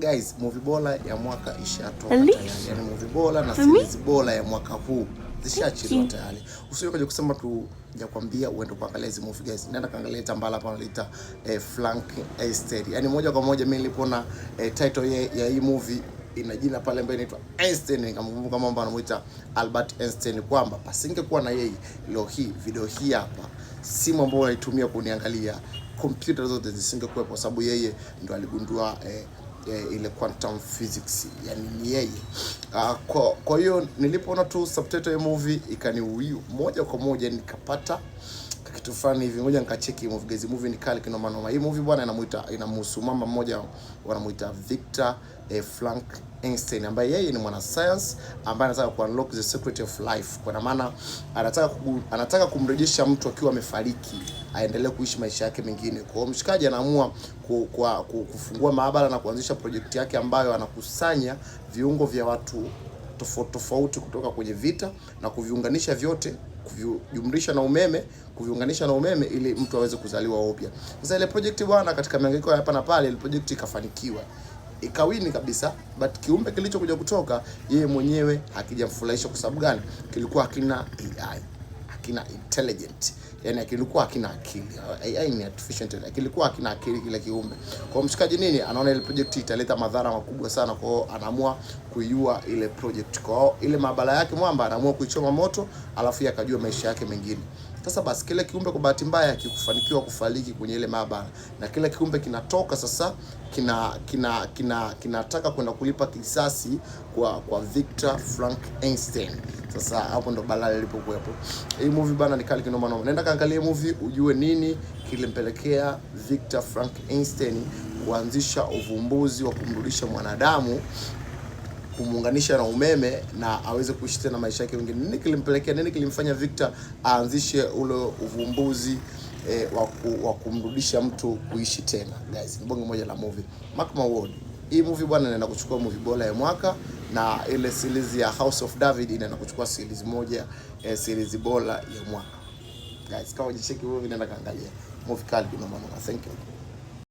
Guys, movie bora ya mwaka ishatoka tayari. Yani movie bora na series bora ya mwaka huu zishachiliwa tayari. Usije kaja kusema tu ya jakwambia uende kuangalia hizo movie guys. Nenda kaangalia Tambala hapa wanaita eh, Frank Estate. Yani moja kwa moja mimi nilipoona eh, title ye, ya hii movie ina jina pale ambaye inaitwa Einstein, nikamkumbuka mambo anamuita Albert Einstein, kwamba pasingekuwa na yeye leo hii video hii hapa, simu ambayo unaitumia kuniangalia, kompyuta zote zisingekuwepo, kwa sababu yeye ndo aligundua eh, eh, ile quantum physics yani ni yeye. Uh, kwa, kwa hiyo nilipoona tu subtitle ya movie ikaniuiu moja kwa moja nikapata kitu fulani hivi, ngoja nikacheki movie gezi movie ni kali kinoma noma. Hii movie bwana inamuita inamhusu mama mmoja wanamuita Victor eh, Frank Einstein ambaye yeye ni mwana science ambaye anataka ku unlock the secret of life, kwa maana anataka kugu, anataka kumrejesha mtu akiwa amefariki aendelee kuishi maisha yake mengine. Kwa hiyo mshikaji anaamua kwa kufungua maabara na kuanzisha project yake ambayo anakusanya viungo vya watu tofauti tofauti kutoka kwenye vita na kuviunganisha vyote, kuvijumlisha na umeme, kuviunganisha na umeme ili mtu aweze kuzaliwa upya. Sasa ile project bwana, katika ya hapa na pale, ile project ikafanikiwa ikawini kabisa, but kiumbe kilichokuja kutoka yeye mwenyewe hakijamfurahisha. Kwa sababu gani? Kilikuwa hakina AI hakina intelligent, yani akilikuwa hakina akili. AI ni artificial intelligence, akilikuwa hakina akili kile kiumbe. Kwa mshikaji nini anaona ile project italeta madhara makubwa sana, kwa hiyo anaamua kuiua ile project. Kwa hiyo ile maabara yake mwamba anaamua kuichoma moto, alafu yakajua maisha yake mengine. Sasa basi kile kiumbe kwa bahati mbaya kikufanikiwa kufariki kwenye ile maabara, na kile kiumbe kinatoka sasa kina kina kina kinataka kwenda kulipa kisasi kwa kwa Victor Frank Einstein. Sasa hapo ndo balaa lilipokuwepo. Hii movie bana ni kali kinoma noma. Nenda kaangalia movie ujue nini kilimpelekea Victor Frank Einstein kuanzisha uvumbuzi wa kumrudisha mwanadamu kumuunganisha na umeme na aweze kuishi tena maisha yake mengine. Nini kilimpelekea, nini kilimfanya Victor aanzishe ule uvumbuzi e, wa kumrudisha mtu kuishi tena? Guys, ni bonge moja la movie. Mark my word, hii movie bwana inaenda kuchukua movie bora ya mwaka na ile series ya House of David inaenda kuchukua series moja eh, series bora ya mwaka. Guys, kama unajisheki movie, nenda kaangalia. Movie kali kuna maana. Thank you.